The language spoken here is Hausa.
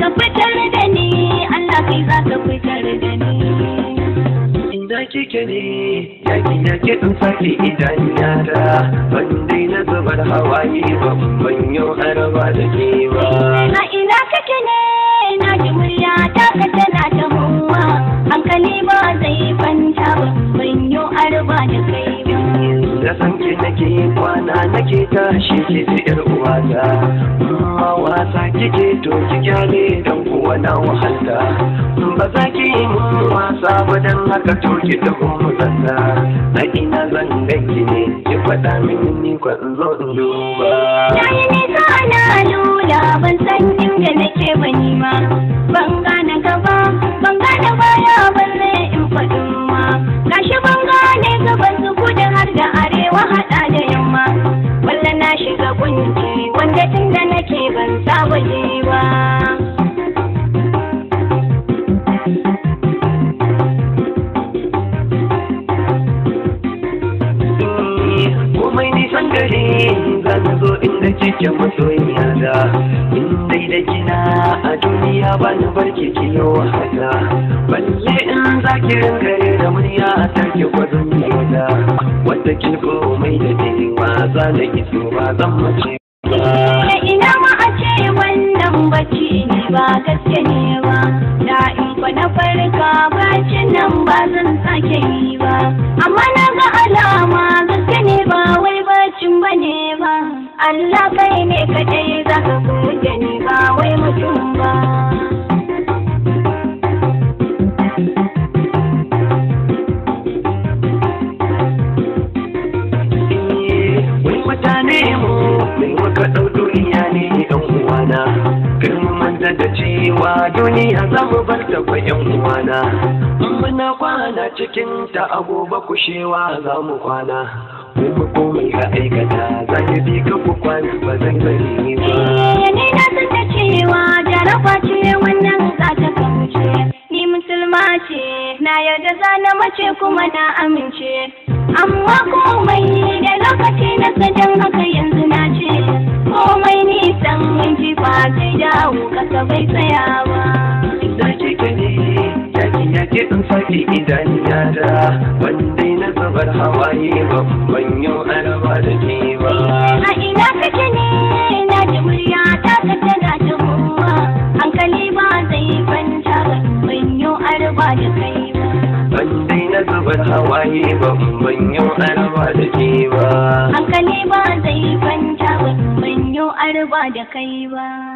ka fitar da ni Allah kai za ka fitar da ni inda kike ne yaki na ke in sake idan na da ban dai na zubar hawaye ba ban yau araba da ke ba a ina kake ne na ji murya ta ka tana ta hankali ba zai kwanta ba ban yau araba da Ki kwana nake tashi yar uwa uwata amma wasa kike to ki kyale dan kuwa na wahalta ba za ki yi mun wasa ba dan haka to ki da mu zanna na ina zan ganki ne ki faɗa min ni ko in zo in duba yi nisa ana lula ban san inda nake ba ni ma wahaɗa da yamma wallan na shiga kunci wanda tun da nake ban saba ji ba komai nisan gari zan zo inda kike masoyiya da in dai da kina bani barki ki yi wahala balle in za ki rinka da murya a tarki gwadon yola wanda ki mai da jini ma za na iso ba zan mace ba. Da ina ma a ce wannan bacci ne ba gaske ne ba da in fa na farka bacci nan ba zan sake yi ba amma na ga alama gaske ne ba wai bacin ba ne ba Allah kai ne kadai za ka kuma ba wai mutum ba. ne mu mai muka ɗau duniya ne yan uwana kar manta da cewa duniya za mu bar ta yan uwana muna kwana cikin ta agoba kushewa za mu kwana Kuma komai ka aikata za ki bi ka ku kwana ba zan bari ni ba. Eh, ni na san cewa jaraba ce wannan za ta Ni musulma ce, na yarda za na mace kuma na amince. amma komai da lokaci na sadan haka yanzu na ce komai nisan ji ba zai dawo kasa bai tsaya ba na ce faɗi idan ya da wanda na zabar hawaye babban yau araba da ke ba ba ta waye ba ban yi arba da ke ba hankali ba zai ba, ban yi arba da kai ba